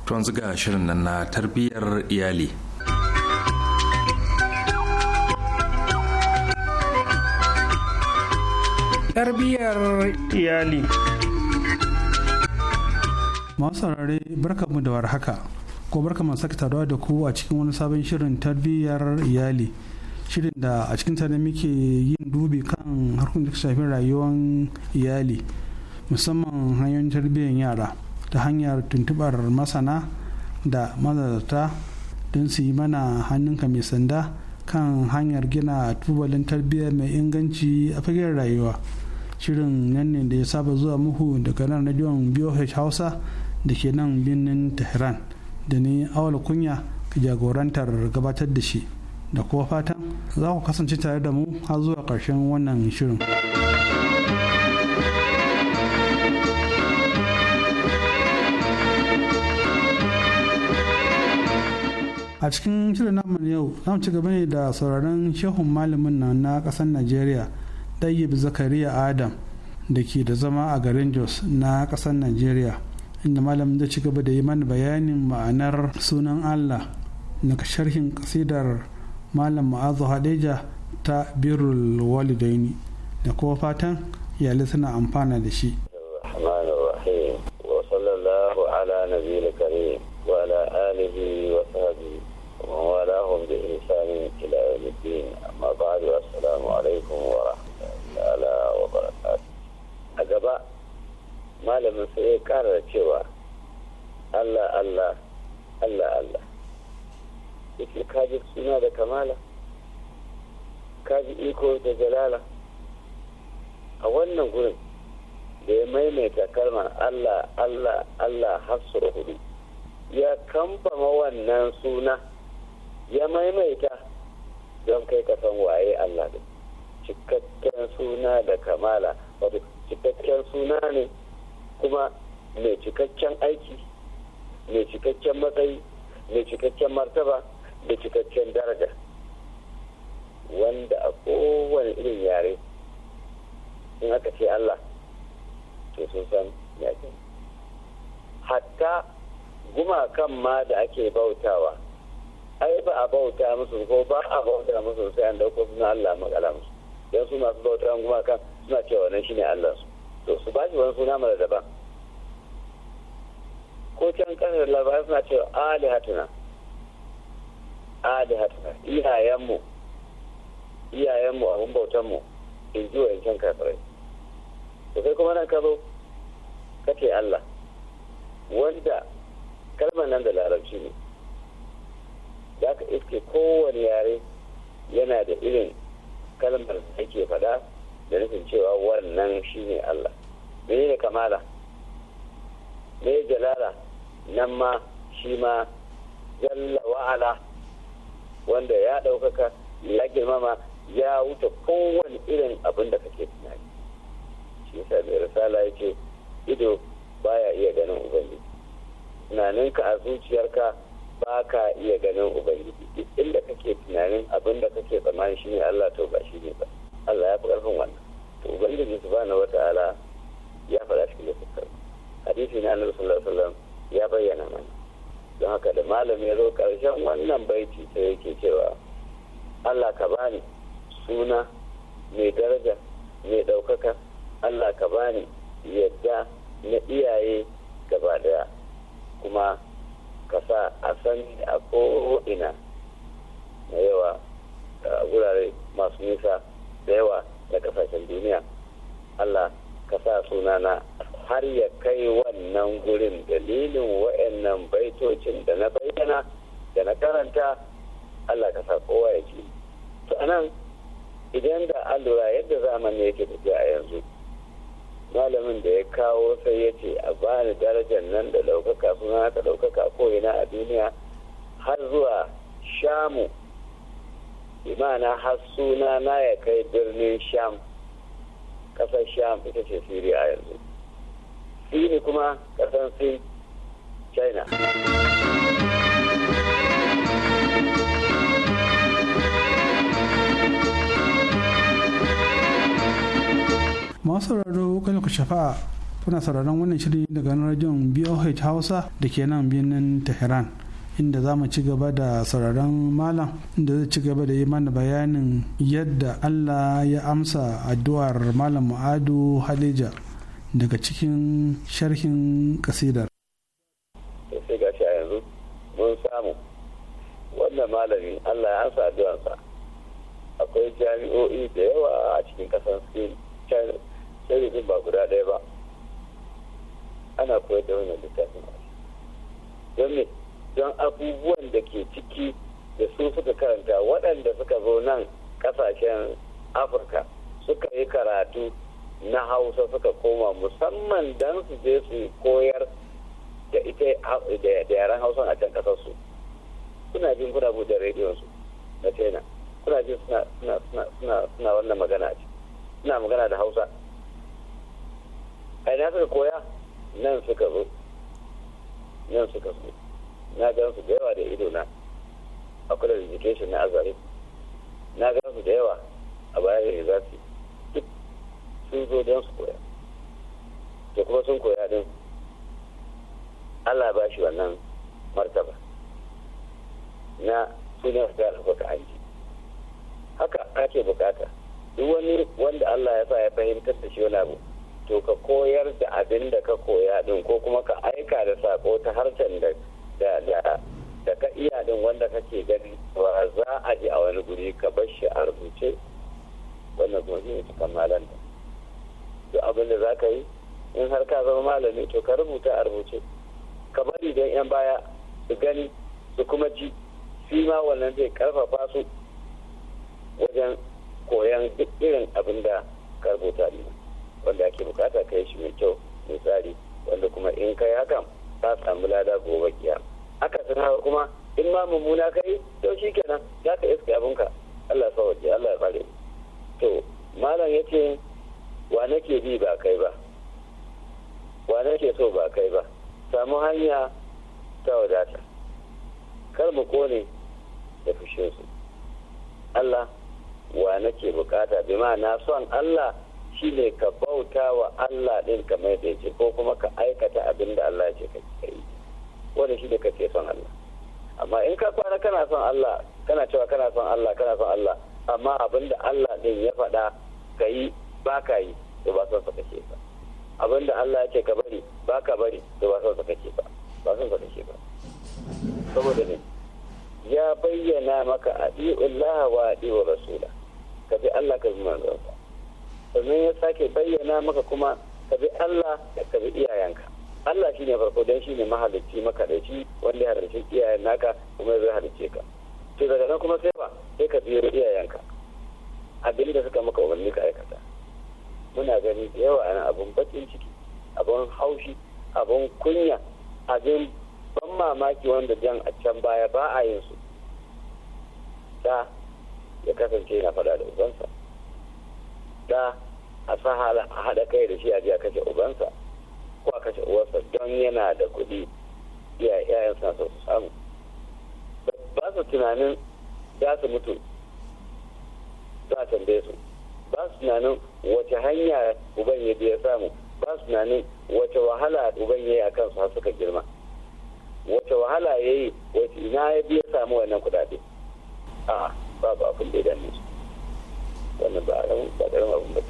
To shirin nan na tarbiyyar iyali. tarbiyyar iyali masu saurare barkamu da warhaka ko barkamu saka taruwa da ku a cikin wani sabon shirin tarbiyyar iyali shirin da a cikin ne muke yin dubi kan harkun da shafin rayuwar iyali musamman hanyoyin tarbiyyar yara ta hanyar tuntubar masana da mazata don su yi mana hannunka mai sanda kan hanyar gina tubalin tarbiyya mai inganci a fagen rayuwa shirin nan ne da ya saba zuwa muhu daga nan radiyon BOH Hausa da ke nan birnin Tehran da ni awal kunya ka jagorantar gabatar da shi da kuma fatan za ku kasance tare da mu har zuwa karshen wannan shirin. a cikin shirin namun yau zamu ci gaba ne da sauraron shehun malamin na ƙasar najeriya ɗayyib zakariya adam da ke da zama a garin jos na ƙasar nigeria inda malam da ci gaba da yi mana bayanin ma'anar sunan allah na sharhin kasidar malam ma'azu hadeja ta birul walidaini da kuma fatan iyalai suna amfana da shi gaba malamin sai ya kara da cewa allah allah allah allah yake kaji suna da kamala kaji iko da jalala a wannan gurin da ya maimaita kalmar allah allah allah hafsur hudu ya kamfama wannan suna ya maimaita don kai kasan waye allah da cikakken suna da kamala wato cikakken suna ne kuma mai cikakken aiki mai cikakken matsayi mai cikakken martaba da cikakken daraja wanda a kowane irin yare in aka ce Allah to sun san yakin hatta gumakan ma da ake bautawa ai ba a bauta musu ko ba a bauta musu sai an dauko suna Allah makala musu don su masu bauta gumakan suna cewa wannan shine Allah to su ba shi wani suna mara daban ko can kanar labarai suna cewa Ali alihatuna alihatuna iyayenmu iyayenmu bautan bautanmu in ji wa yankin kafirai to sai kuma nan ka zo kake Allah wanda kalmar nan da larabci ne za ka iske kowane yare yana da irin kalmar da ake faɗa da nufin cewa wannan shi ne Allah ne kamala me jalala nan ma shi ma jalla wa'ala wanda ya ɗaukaka ya girmama ya wuce kowane irin abin da kake tunani shi yasa mai risala ya ce ido baya iya ganin ubangiji tunaninka a zuciyarka ba ka iya ganin ubangiji inda kake tunanin abin da kake tsammani ne Allah to ba shi ne ba Allah ya fi ƙarfin wannan to ubangiji subhanahu wataala ya faɗa cikin littattafai hadisi na annabi sallallahu alaihi wasallam ya bayyana mana don haka da malam ya zo ƙarshen wannan baiti sai yake cewa Allah ka bani suna mai daraja mai ɗaukaka Allah ka bani yadda na iyaye gaba daya kuma ka sa a san a ko'ina na yawa a wurare masu nisa da yawa da kasashen duniya allah ka sa sunana har ya kai wannan gurin dalilin wa'annan baitocin da na bayyana da na karanta allah ka sa kowa ya ji to anan idan da allura yadda zamani yake tafiya a yanzu malamin da ya kawo sai ya ce a bani darajar nan da ɗaukaka suna ta ɗaukaka ko ina a duniya har zuwa shamu imana har suna na ya kai birnin sham kasar sham ita ce a yanzu sini kuma kasar sin china masu sauraro ku shafa'a kuna sauraron wannan shirin daga rajon boh hausa da ke nan birnin tehran inda za mu ci gaba da sauraron malam inda zai ci gaba da yi mana bayanin yadda Allah ya amsa addu'ar malam Mu'adu Halija daga cikin sharhin kasidar. Sai gashi a yanzu mun samu wannan malami Allah ya amsa addu'arsa akwai jami'o'i da yawa a cikin kasan sai ba guda ɗaya ba ana koyar da wannan littafin don me don abubuwan da ke ciki da su suka karanta waɗanda suka zo nan ƙasashen afirka suka yi karatu na hausa suka koma musamman don su je su koyar da ita da yaren hausa a can ƙasarsu suna jin kuna buɗe rediyonsu na china suna jin suna wannan magana ce suna magana da hausa a ina suka koya nan suka zo nan suka zo na gan su da yawa da ido na a kula da education na azare na gan su da yawa a bayan su duk sun zo don su koya da kuma sun koya din Allah ba shi wannan martaba na sunan da alfaka an ji haka ake bukata duk wani wanda Allah ya sa ya fahimtar da shi wani abu to ka koyar da abin da ka koya din ko kuma ka aika da sako ta harshen da da ka iya din wanda kake ganin ba za a ji a wani guri ka bar shi a rubuce wannan kuma ne cikin malam da duk abin da za ka yi in har ka zama malami to ka rubuta a rubuce ka bari don yan baya su gani su kuma ji shi ma wannan zai karfafa su wajen koyan duk irin abin da ka rubuta ne wanda ake bukata ka yi shi mai kyau misali wanda kuma in kai hakan ka samu lada gobe kiyama aka san haka kuma in ma mummuna kai to shi kenan za ka iske abinka Allah sa waje Allah ya bare to malam ya ce wa nake bi ba kai ba wa nake so ba kai ba samu hanya ta wadata kar mu kone da fushinsu Allah wa nake bukata bi na son Allah shine ka bauta wa Allah ɗin kamar da ce ko kuma ka aikata abin da Allah ya ce ka yi wanda shi da kake son Allah amma in ka kwana kana son Allah kana cewa kana son Allah kana son Allah amma abinda Allah din ya faɗa ka yi ba ka yi to ba son sa kake ba abinda Allah ya ce ka bari ba ka bari to ba son sa kake ba ba son sa kake ba saboda ne ya bayyana maka adi'ullah wa adi'ur rasula ka bi Allah ka bi manzon sannan ya sake bayyana maka kuma ka bi Allah ka bi iyayenka Allah shine farko dan shine mahalicci makadaici wanda ya halicci iyayen naka kuma zai halicce ka to daga nan kuma sai ba sai ka biyo iyayenka abin da suka maka umarni ka aikata muna gani da yawa ana abun bakin ciki abun haushi abun kunya abin ban mamaki wanda jan a can baya ba a yin su da ya kasance yana fada da ubansa da a sa a haɗa kai da shi a a kashe ubansa ko a kashe uwarsa don yana da kuɗi ya suna so su samu ba su tunanin za su mutu za ta tambaye su ba su tunanin wace hanya uban ya biya samu ba su tunanin wace wahala uban ya yi a kansu har suka girma wace wahala ya yi wace ina ya biya samu wannan kuɗaɗe a babu abin da ya dame su wannan ba a ba ƙaramin abin ba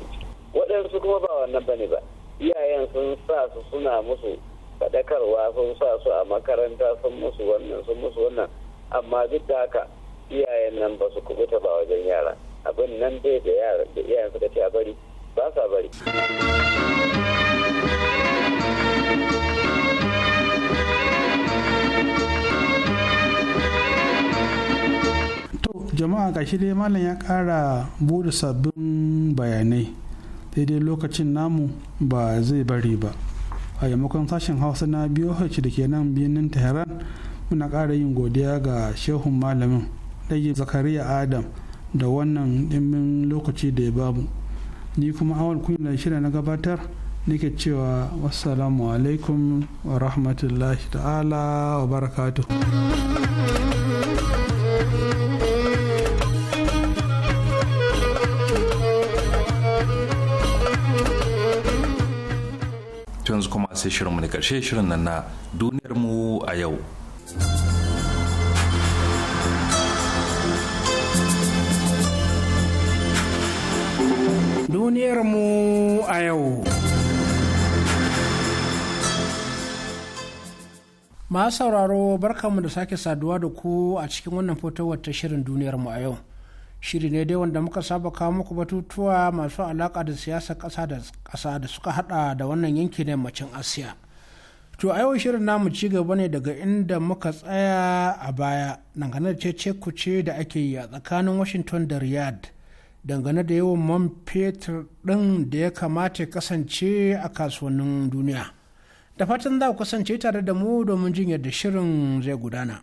waɗansu kuma ba wannan ba ne ba iyayen sun sa su suna musu faɗakarwa sun sa su a makaranta sun musu wannan sun musu wannan amma duk da haka iyayen nan ba su kubuta ba wajen yara abin nan dai da da iyayen suka ce a bari ba sa bari jama'a gashi dai malam ya kara bude sabbin bayanai daidai lokacin namu ba zai bari ba a yammakon sashen hausa na boh da ke nan birnin tehran muna ƙara yin godiya ga shehun malamin ɗaya zakariya adam da wannan ɗimbin lokaci da ya babu ni kuma awal kunyar shirya na gabatar nake cewa wassalamu alaikum wa rahmatullahi ta'ala wa barakatuh to yanzu kuma sai shirinmu na karshe shirin nan na duniyar mu a yau duniyar mu a yau masu sauraro barkamu da sake saduwa da ku a cikin wannan fotowar ta shirin duniyarmu a yau shiri ne dai wanda muka saba kawo muku batutuwa masu alaka da siyasar kasa da kasa da suka hada da wannan yanki na yammacin asiya to a yau shirin namu ci gaba ne daga inda muka tsaya a baya dangane da ku kuce da ake yi a tsakanin washington da riyad dangane da yawan man fetur ɗin da ya kamata ya kasance a kasuwannin duniya da fatan za ku kasance tare da mu domin jin yadda shirin zai gudana.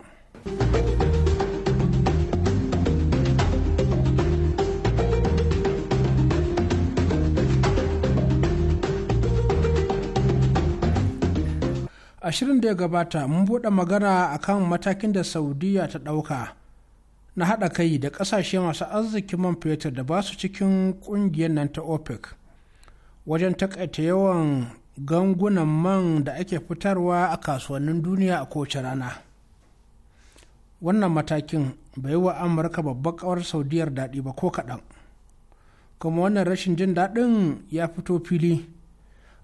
a shirin da ya gabata mun buɗe magana akan matakin da saudiya ta ɗauka na haɗa kai da ƙasashe masu arzikin man fetur da ba su cikin ƙungiyar nan ta opec wajen taƙaita yawan gangunan man da ake fitarwa a kasuwannin duniya a kowace rana wannan matakin bai wa amurka babbar kawar saudiyar daɗi ba ko kaɗan kuma wannan rashin jin daɗin ya fito fili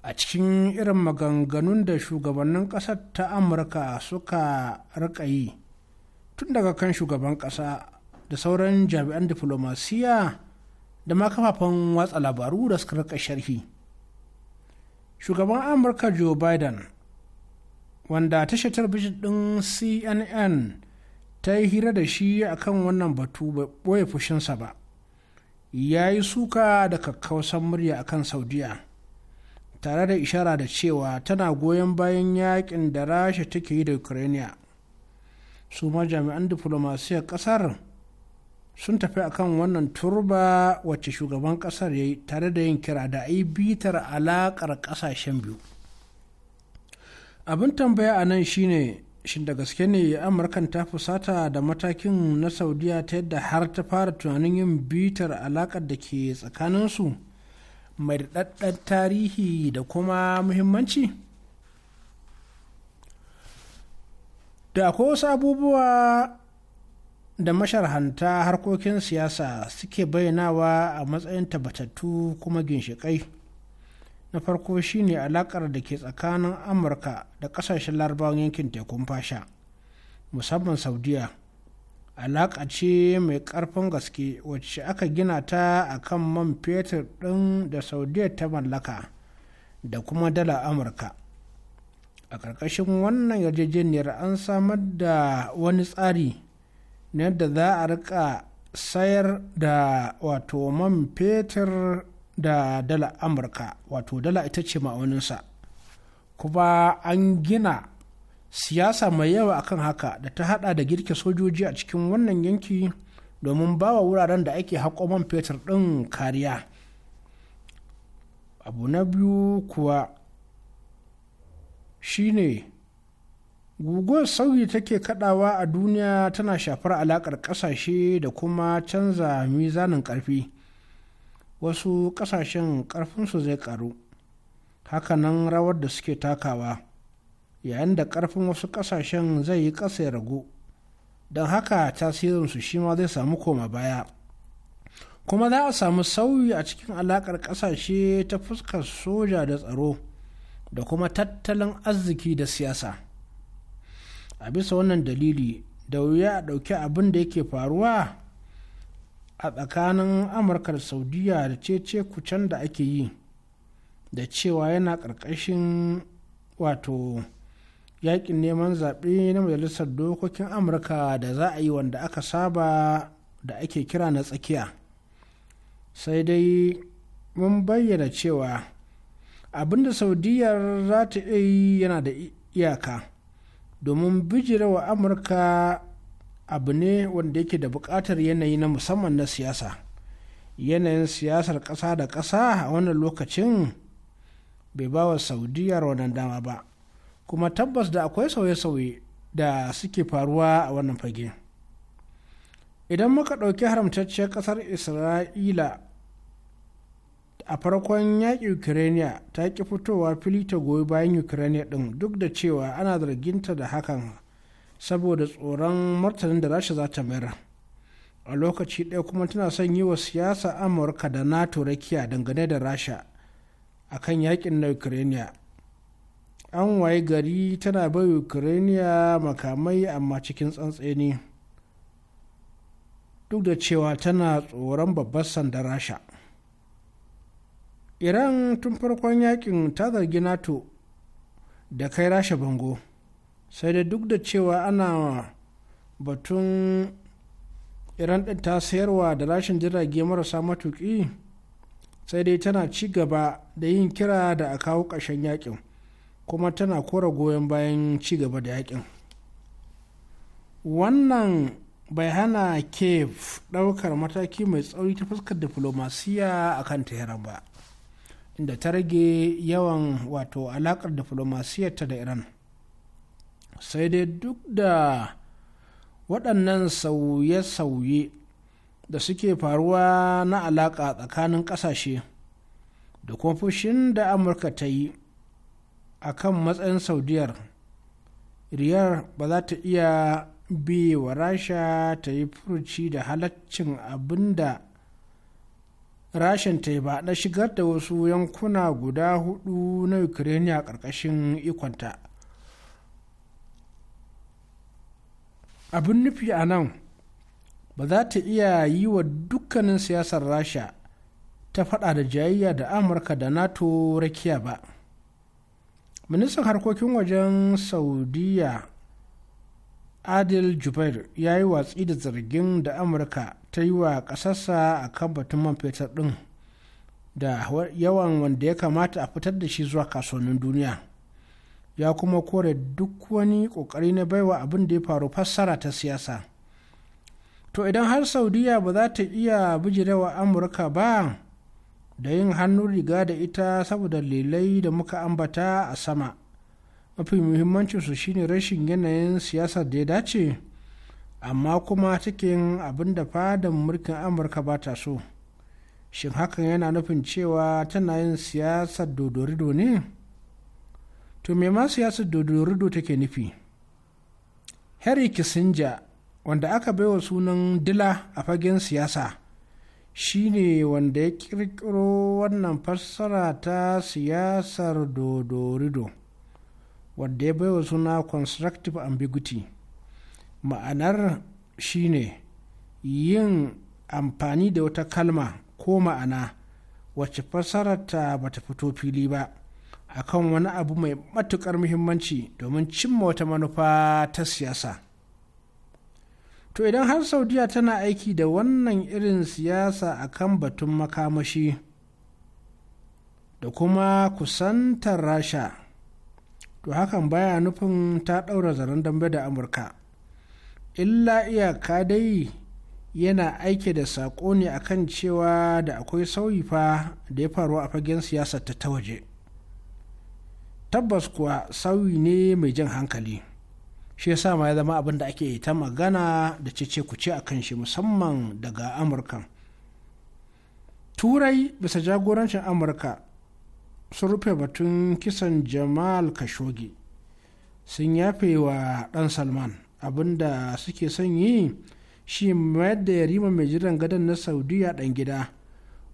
a cikin irin maganganun da shugabannin ƙasar ta amurka suka rika yi tun daga kan shugaban ƙasa da sauran jami'an diplomasiya da ma kafafen watsa labaru da suka rika sharhi shugaban amurka joe biden wanda tashar talabijin ɗin cnn ta yi hira da shi akan wannan batu bai ɓoye fushinsa ba ya yi suka da kakkausan murya akan saudiya tare da ishara da cewa tana goyon bayan yakin da rasha take yi da ukraine su ma jami'an diflomasiyar kasar sun tafi akan wannan turba wacce shugaban kasar ya yi tare da yin kira da ai bitar alakar kasashen biyu abin tambaya a nan shine shin da gaske ne amurkan ta fusata da matakin na saudiya ta yadda har ta fara tunanin yin bitar alakar da ke tsakaninsu mai daɗaɗɗen tarihi da kuma muhimmanci? da akwai wasu abubuwa da masharhanta harkokin siyasa suke bayyanawa a matsayin tabbatattu kuma ginshiƙai na farko shine alaƙar da ke tsakanin amurka da ƙasashen larabawan yankin tekun fasha musamman saudiya alaƙa ce mai ƙarfin gaske wacce aka gina ta a kan man fetur ɗin da saudiya ta mallaka da kuma dala amurka a ƙarƙashin wannan yarjejeniyar an samar da wani tsari na yadda za a rika sayar da wato man fetur da dala amurka wato dala ita ce ma'auninsa kuma an gina siyasa mai yawa akan haka da ta hada da girke sojoji a cikin wannan yanki domin bawa wuraren da ake haƙo man fetur ɗin kariya abu na biyu kuwa shine guguwar sauyi take kadawa a duniya tana shafar alakar kasashe da kuma canza mizanin karfi wasu kasashen karfinsu zai karu hakanan rawar da suke takawa yayin da ƙarfin wasu ƙasashen zai yi ƙasa ya ragu don haka tasirinsu shi ma zai samu koma baya kuma za a samu sauyi a cikin alaƙar ƙasashe ta fuskar soja da tsaro da kuma tattalin arziki da siyasa a bisa wannan dalili da wuya a ɗauki abin da yake faruwa a tsakanin amurka da saudiya da cece kucan da ake yi da cewa yana ƙarƙashin wato yakin neman zaɓe na majalisar dokokin amurka da za a yi wanda aka saba da ake kira na tsakiya sai dai mun bayyana cewa abinda saudiyar za ta yi yana da iyaka domin bijirewa amurka abu ne wanda yake da buƙatar yanayi na musamman na siyasa yanayin siyasar ƙasa da ƙasa a wannan lokacin bai ba wa saudiyar wannan dama ba kuma tabbas da akwai sauye-sauye da suke faruwa a wannan fage idan muka ɗauki haramtacciyar ƙasar isra'ila a farkon yaƙi ukraine ta ki fitowa fili ta goyi bayan ukraine ɗin duk da cewa ana zarginta da hakan saboda tsoron martanin da rasha za ta mayar a lokaci ɗaya kuma tana son yi wa siyasa amurka da nato rakiya dangane da rasha akan yaƙin na ukraine an waye gari tana bai ukraine makamai amma cikin tsantseni duk da cewa tana tsoron babbar sanda rasha iran tun farkon yakin ta zargi nato da kai rasha bango sai da duk da cewa ana batun iran ɗin ta sayarwa da rashin jirage marasa matuƙi sai dai tana ci gaba da yin kira da a kawo ƙarshen yakin kuma tana kora goyon bayan ci gaba da yakin wannan bai hana kef ɗaukar mataki mai tsauri ta fuskar diplomasiya a kan tehran ba inda ta rage yawan wato alaƙar ta da iran sai dai duk da waɗannan sauye-sauye da suke faruwa na alaƙa tsakanin ƙasashe da kuma fushin da amurka ta yi a kan matsayin saudiyar riyar ba za ta iya biye wa rasha ta yi furuci da halaccin abin da rashin ta yi ba na shigar da wasu yankuna guda hudu na ukraine a ƙarƙashin ikonta abin nufi a nan ba za ta iya yi wa dukkanin siyasar rasha ta fada da jayayya da amurka da nato rakiya ba ministan harkokin wajen saudiya adil jubair ya yi watsi da zargin da amurka ta yi wa ƙasarsa a kan batun man fetur din da yawan wanda ya kamata a fitar da shi zuwa kasuwannin duniya ya kuma kore duk wani ƙoƙari na baiwa abin da ya faru fassara ta siyasa to idan har saudiya ba za ta iya bijirewa amurka ba da yin hannun riga da ita saboda lilai da muka ambata a sama mafi muhimmancinsu shine rashin yanayin siyasar da ya dace amma kuma cikin abin da fadan mulkin amurka ba ta so shin hakan yana nufin cewa tana yin siyasar dodorido ne to me ma siyasar dodorido take nufi harry kissinger wanda aka baiwa sunan dila a fagen siyasa shine wanda ya kirkiro wannan fassara ta siyasar dodorido wanda ya baiwa suna constructive ambiguity ma'anar shine yin amfani da wata kalma ko ma'ana wacce fassararta ba ta fito fili ba akan wani abu mai matukar muhimmanci domin cimma wata manufa ta siyasa to idan har saudiya tana aiki da wannan irin siyasa a kan batun makamashi da kuma kusantar rasha to hakan baya nufin ta ɗaura zaren dambe da amurka illa iyaka dai yana aiki da saƙo ne akan cewa da akwai sauyi fa da ya faru a fagen siyasar ta waje tabbas kuwa sauyi ne mai jan hankali shi ya sama ma ya zama abin da ake ta magana da cece kuce a kan shi musamman daga amurka turai bisa jagorancin amurka sun rufe batun kisan jamal kashogi sun yafe wa dan salman da suke son yi shi mayar da yarima mai jiran gadon na saudiya dan gida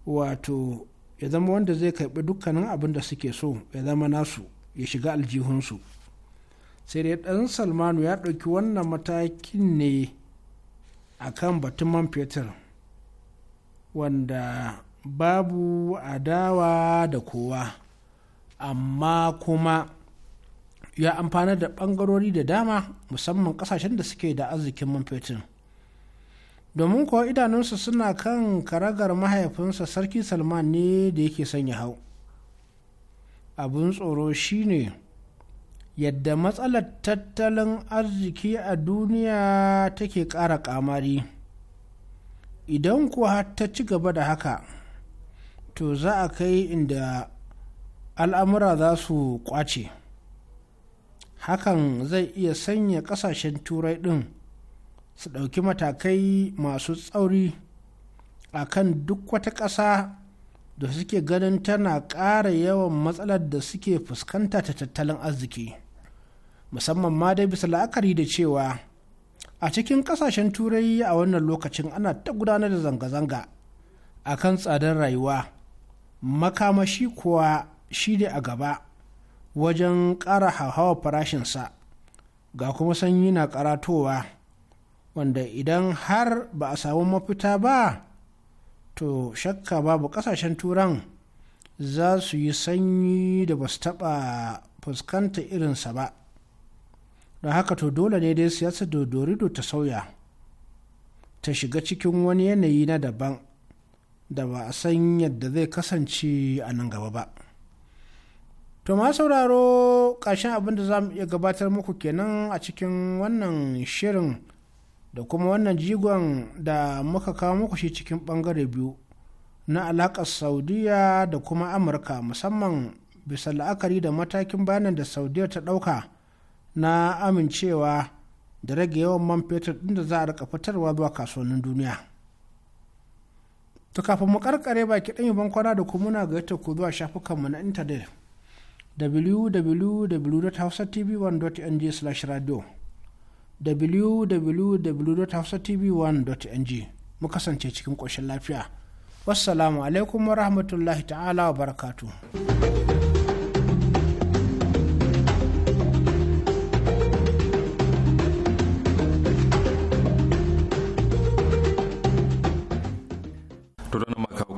wato ya zama wanda zai karbi dukkanin abin da suke so ya zama nasu ya shiga aljihunsu sai dai ɗan salmanu ya ɗauki wannan matakin ne a kan batun man fetur wanda babu adawa da kowa amma kuma ya amfana da ɓangarori da dama musamman ƙasashen da suke da arzikin man fetur domin kuwa idanunsa suna kan karagar mahaifinsa sarki salman ne da yake sanya hau abin tsoro shine ne yadda matsalar tattalin arziki a duniya take ƙara ƙamari idan kuwa ta ci gaba da haka to za a kai inda al'amura za su ƙwace hakan zai iya sanya ƙasashen turai ɗin su ɗauki matakai masu tsauri a kan duk wata ƙasa da suke ganin tana ƙara yawan matsalar da suke fuskanta ta tattalin arziki. musamman ma dai bisa la'akari da cewa a cikin kasashen turai a wannan lokacin ana ta gudanar da zanga-zanga a kan tsadar rayuwa makamashi kuwa shi ne a gaba wajen ƙara hauhawa farashinsa ga kuma sanyi na karatowa wanda idan har ba a samu mafita ba to shakka babu kasashen turan za su yi sanyi da ba su taɓa fuskanta irinsa ba don haka to dole ne dai siyasar dodorido ta sauya ta shiga cikin wani yanayi na daban da ba a san yadda zai kasance a nan gaba ba to ma sauraro ƙarshen abin da za mu iya gabatar muku kenan a cikin wannan shirin da kuma wannan jigon da muka kawo muku shi cikin ɓangare biyu na alaƙar saudiya da kuma amurka musamman bisa la'akari da matakin bayanan da saudiya ta ɗauka na amincewa da rage yawan man fetur ɗin da za a rika fitarwa zuwa kasuwannin duniya to kafin mu karkare baki ɗanyi kwana da kuma muna gaita ku zuwa shafukan mu na intanet www.hausatv1.ng radio www.hausatv1.ng mu kasance cikin koshin lafiya wassalamu alaikum warahmatullahi ta'ala wa barakatuhu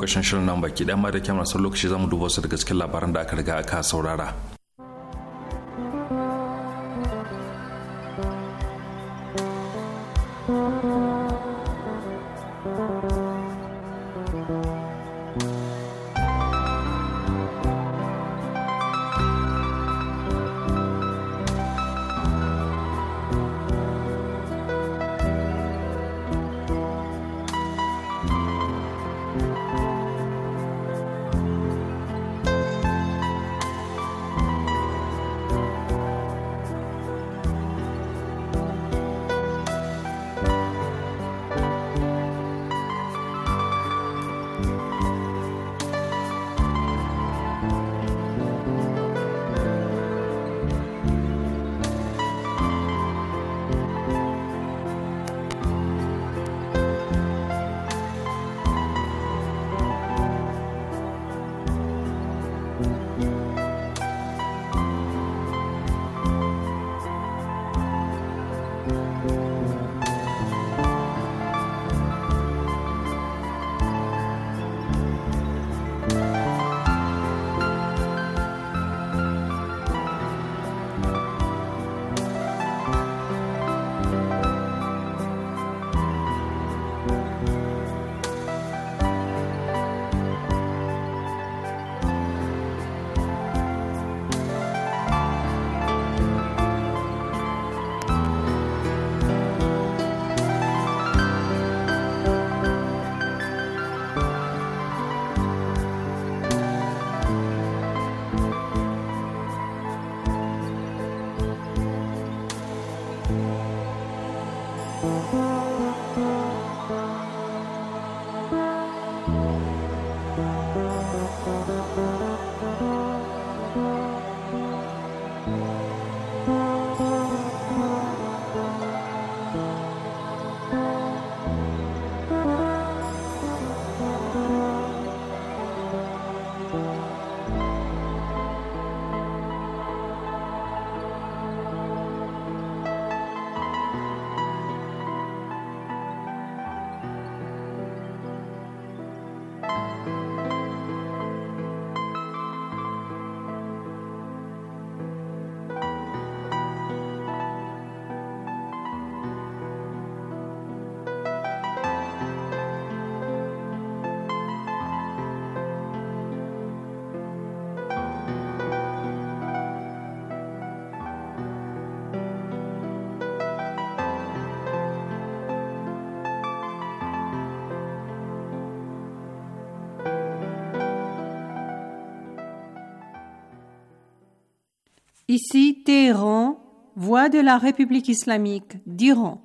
karshen shirin nan baki mai da kyamar sun lokaci zamu duba su daga cikin labaran da aka riga aka saurara Ici Téhéran, voix de la République islamique d'Iran.